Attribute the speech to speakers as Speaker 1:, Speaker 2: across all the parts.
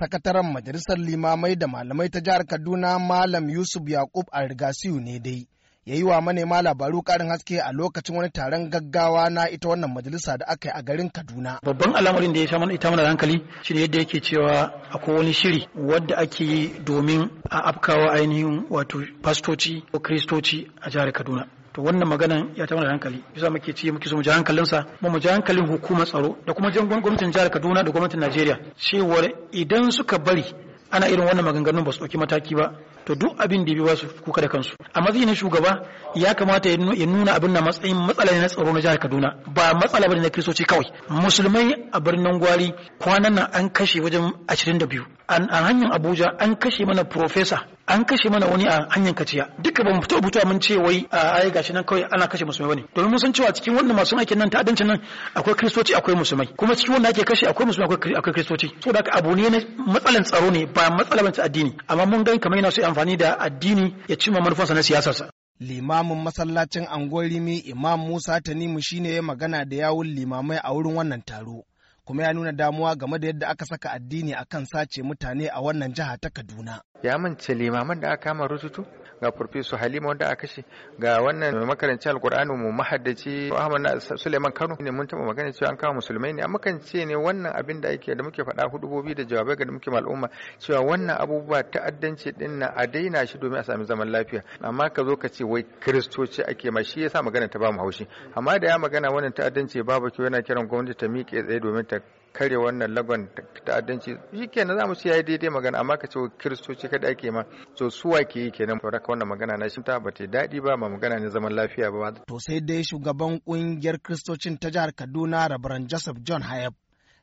Speaker 1: sakataren majalisar limamai da malamai ta jihar kaduna malam yusuf yakub alrigasiyu ne dai ya yi wa manema labaru karin haske a lokacin wani taron gaggawa na ita wannan majalisa da aka yi a garin kaduna babban al'amarin
Speaker 2: da ya mana ita mana hankali shine yadda yake cewa akwai wani shiri wadda ake yi domin a afkawa ainihin wato fastoci ko kristoci a jihar kaduna to wannan maganan ya ta mana hankali bisa muke ci muke so mu ji hankalinsa mu mu ji hankalin hukumar tsaro da kuma jan gwamnatin jihar Kaduna da gwamnatin Najeriya cewar idan suka bari ana irin wannan maganganun ba su ɗauki mataki ba to duk abin da ba su kuka da kansu a matsayin ne shugaba ya kamata ya nuna abin na matsayin matsala ne na tsaro na jihar Kaduna ba matsala bane na kristoci kawai musulmai a birnin Gwari kwanan nan an kashe wajen 22 a hanyar Abuja an kashe mana profesa an kashe mana wani a hanyar kaciya duka ba mu fito butu mun ce wai a ai gashi nan kawai ana kashe musulmai bane domin mun san cewa cikin wannan masu aikin nan ta'addancin nan akwai kristoci akwai musulmai kuma cikin wannan ake kashe akwai musulmai akwai kristoci to da abu ne na matsalan tsaro ne ba matsalan addini amma mun gani kamar yana so amfani da addini ya cimma manufarsa na sa
Speaker 1: limamin masallacin rimi imam musa tanimu shine ya magana da yawun limamai a wurin wannan taro kuma ya nuna damuwa game da yadda aka saka addini akan sace mutane a wannan jiha ta Kaduna.
Speaker 3: Ya mance limaman da aka kama rututu ga Farfesu Halima wanda aka kashe ga wannan makarancin Alkur'ani mu mahaddaci Ahmad Suleiman Kano ne mun taba magana cewa an kama musulmai ne amma kan ce ne wannan abin da ake da muke faɗa hudubobi da jawabai ga muke al'umma cewa wannan abubuwa ta'addanci din na a daina shi domin a sami zaman lafiya amma ka zo ka ce wai kiristoci ake ma shi yasa magana ta ba mu haushi amma da ya magana wannan ta'addanci babu kyau yana kiran gwamnati ta miƙe tsaye domin ta kare wannan lagon ta'addanci shi kenan za mu ce yayi daidai magana amma ka ce kiristoci kada ake ma so suwa ke yi kenan ba raka wannan magana na shi ta ba ta daɗi ba ma magana ne zaman lafiya ba
Speaker 1: to sai dai shugaban kungiyar kiristocin ta jihar Kaduna Rabaran Joseph John Hayab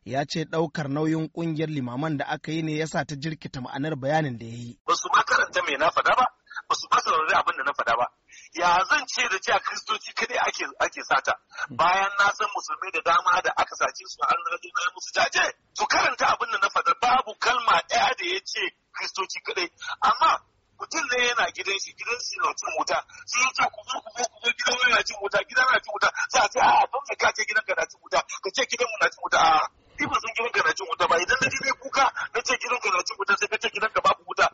Speaker 1: ya ce ɗaukar nauyin kungiyar limaman da aka yi ne ya sa ta jirkita ma'anar bayanin da ya yi ba su ma karanta me na faɗa
Speaker 4: ba ba su ba saurari abin da na faɗa ba ya zan ce da cewa kristoci kadai ake ake sata bayan na san musulmai da dama da aka sace su na rado na musu jaje su karanta abin da na faɗa babu kalma ɗaya da ya ce kristoci kadai amma mutum ne yana gidan shi gidan shi na cin wuta sun yi ku zo ku zo ku zo gidan yana cin wuta gidan na cin wuta za a ce a don me ka ce gidan ka na cin wuta ka ce gidan mu na cin wuta a ni ba gidan ka na cin wuta ba idan na je kuka na ce gidan ka na cin wuta sai ka ce gidan ka babu wuta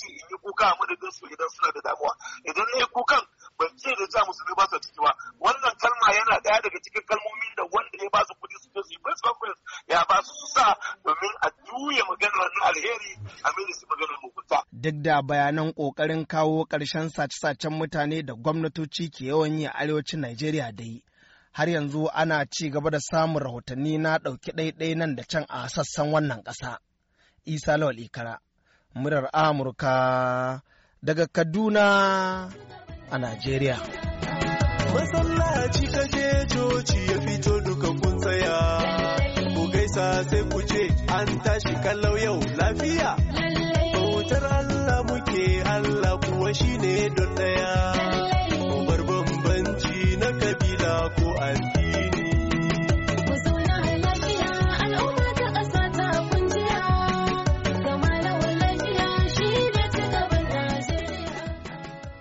Speaker 4: ce in yi kuka a madadin su idan suna da damuwa idan na yi kukan ban ce da ja musulmi ba su ciki ba wannan kalma yana daya daga cikin kalmomi da wanda ya ba su kuɗi su je su yi press conference ya ba su sa domin a juya maganar na alheri a mai su maganar
Speaker 1: mugunta. Duk da bayanan kokarin kawo karshen sace-sacen mutane da gwamnatoci ke yawan yi a arewacin Najeriya yi, har yanzu ana ci gaba da samun rahotanni na ɗauki ɗaiɗai nan da can a sassan wannan ƙasa. Isa Lawal Ikara, murar Amurka daga Kaduna a Najeriya.
Speaker 4: Masallaci kaje coci ya fito duka kun tsaya, ku gaisa sai ku ce an tashi kallau yau lafiya. Bautar